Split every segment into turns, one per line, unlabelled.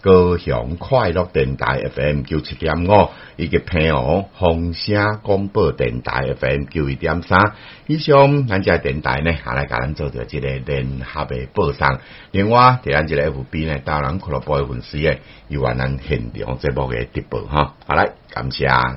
高雄快樂電台 F M 九七點五，以及平陽紅聲廣播電台 F M 九一點三，以上兩隻電台呢，下來甲咱做住一個聯合的報上。另外佇咱即個 F B 呢，當咱俱樂部的粉絲嘅又話咱現場節目嘅直播哈，好來感謝。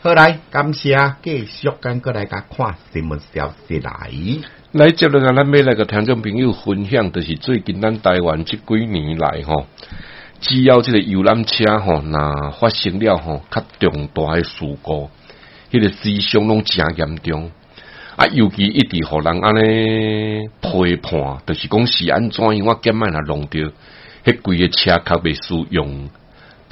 好來，感謝啊繼續跟各位睇看新聞消息來，
來接落來咱我們來咩嚟聽眾朋友分享，就是最近咱台灣即幾年來吼，只要即個遊覽車，吼若發生了吼較重大嘅事故，迄、那個思想攏正嚴重。啊，尤其一直互人安尼批判，就是講是安怎樣我見埋若弄着迄幾個車較未使用。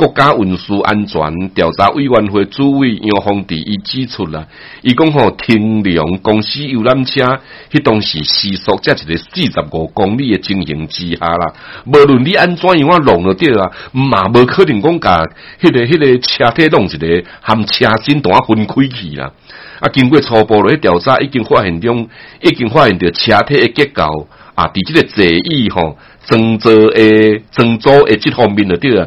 國家運輸安全調查委員會主委楊宏迪伊指出啦，伊講吼，天龍公司遊覽車，迄當時時速才一個四十五公里嘅情形之下啦，無論你安怎樣，啊，弄了掉啊唔嘛無可能講甲迄個迄，迄個車體弄一個含車身段分開去啦。啊，經過初步嘅調查，已經發現中，已經發現到車體誒結構啊，佇即個座椅吼，裝座誒，裝座誒，即方面嘅地啊。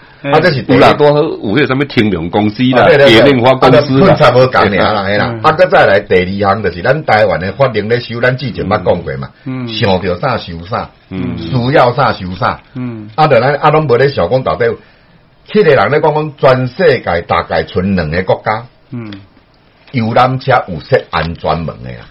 啊！即是多啦，有咩天龍公司啦，蝶戀花公司差唔多講嘅啦。
啊！咁再來第二項，就是咱台灣嘅法令咧，修咱之前有講過嘛。嗯。想做啥修啥，需要啥修啥。嗯。啊！就，啊，攏無咧想講到底，呢個人咧講講全世界大概剩兩個國家。嗯。有遊覽車有設安全門嘅啊！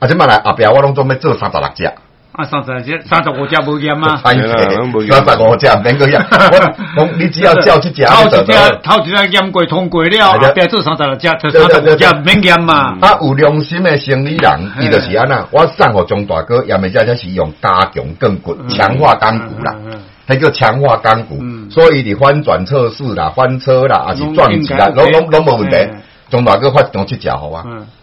啊，即擺來後壁我攏總要做三十六隻？啊，三十六
隻，三十五隻無嚴啊，三十五
隻唔免擱，你只要照頭一隻
頭一隻驗過通過了，後壁做三十六隻，三十五隻唔免嚴嘛？啊，有良心嘅生
意人，伊著是安尼。我送互鐘大哥，下面恰恰是用加強鋼骨，強化鋼骨啦。佢叫強化鋼骨，所以你翻轉測試啦，翻車啦，啊，是撞賺錢，攏攏攏無問題。鐘大哥發張去食好啊。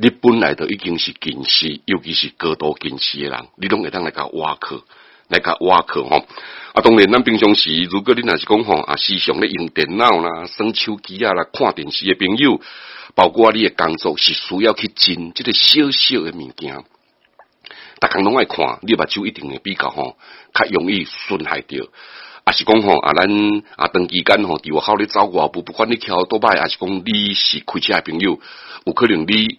你本來都已經是近視，尤其是高度近視的人，你攏會當來個挖靠，來個挖靠吼。啊，當然咱平常時，如果你若是講吼，啊，時常咧用電腦啦、耍手機啊、啦看電視的朋友，包括你嘅工作是需要去見即個小小嘅物件，逐項攏愛看，你目睭一定會比較吼，較容易損害着。啊，是講吼，啊咱啊等、啊、期間吼，佇、啊、外口咧走顧，不不管你條倒賣，啊是講你是開車嘅朋友，有可能你。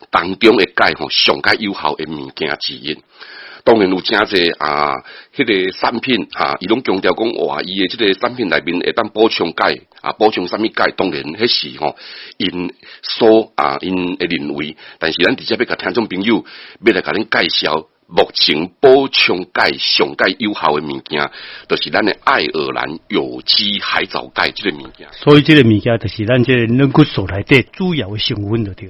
當中誒鈣吼上較有效誒物件之一，當然有誠濟啊，迄、那個產品吓，伊攏強調講哇伊誒即個產品內面會當補充鈣，啊補充啥物鈣，當然迄事吼因所啊，因嘅認為，但是咱直接欲甲聽眾朋友，欲來甲哋介紹，目前補充鈣上較有效誒物件，著、就是咱誒愛爾蘭有
機海藻鈣即、這個物件。所以即個物件，著是咱即個軟骨素內底主要誒成分著對。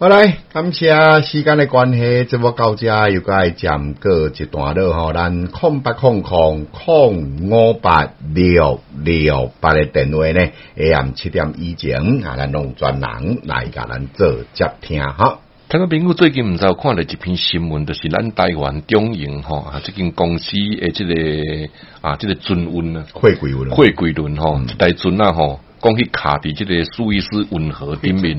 好啦，感謝時間的關係，節目到遮又該講過一段咯。吼、喔。咱空八空空空五八六六八嘅電話呢下暗七點以前，阿個攏有專人，來甲咱，咱做接聽？
哈、嗯，咁啊，朋友最近毋知有看到一篇新聞，著、就是咱台灣中營，吼、喔這個、啊，即間公司誒，即個啊，即、喔喔嗯、個准温啊，貨櫃輪，貨櫃輪吼，哈，台准啊吼，講起卡佇即個蘇伊士運河頂面。